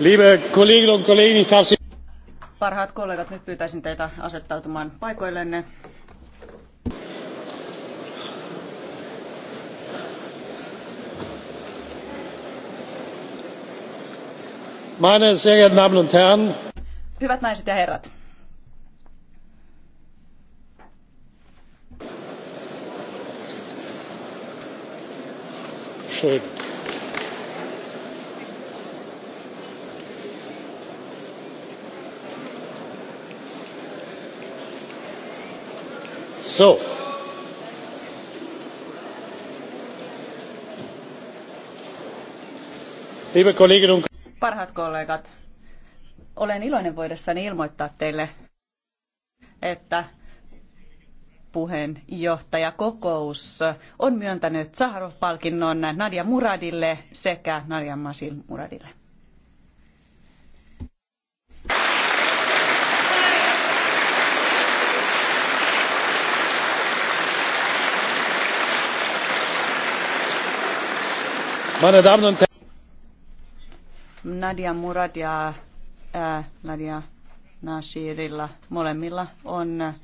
Liebe Kolleginnen und Kollegen, ich Parhaat kollegat, nyt pyytäisin teitä asettautumaan paikoillenne. Meine sehr geehrten Damen und Herren, Hyvät naiset ja herrat. Schön. So. Parhaat kollegat, olen iloinen voidessani ilmoittaa teille, että puheenjohtajakokous on myöntänyt Saharov-palkinnon Nadia Muradille sekä Nadia Masil Muradille. Meine Damen und Herren. Nadia Murad ja Nadia Nashirilla molemmilla on